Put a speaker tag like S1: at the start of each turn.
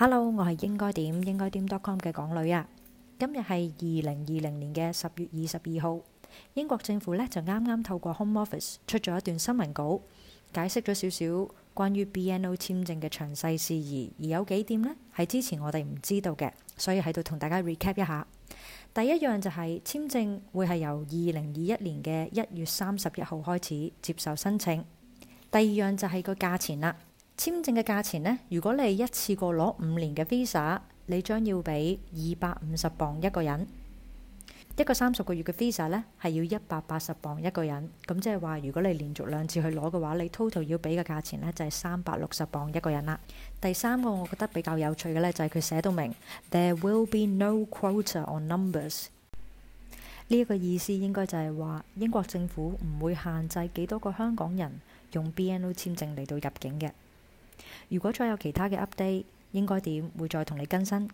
S1: Hello，我係應該點應該點 .com 嘅港女啊！今日係二零二零年嘅十月二十二號，英國政府呢就啱啱透過 Home Office 出咗一段新聞稿，解釋咗少少關於 BNO 簽證嘅詳細事宜，而有幾點呢，係之前我哋唔知道嘅，所以喺度同大家 recap 一下。第一樣就係、是、簽證會係由二零二一年嘅一月三十一號開始接受申請。第二樣就係個價錢啦、啊。簽證嘅價錢呢？如果你一次過攞五年嘅 visa，你將要俾二百五十磅一個人；一個三十個月嘅 visa 呢，係要一百八十磅一個人。咁即係話，如果你連續兩次去攞嘅話，你 total 要俾嘅價錢呢，就係三百六十磅一個人啦。第三個，我覺得比較有趣嘅呢，就係佢寫到明 There will be no quota on numbers 呢一個意思，應該就係話英國政府唔會限制幾多個香港人用 BNO 簽證嚟到入境嘅。如果再有其他嘅 update，應該點會再同你更新。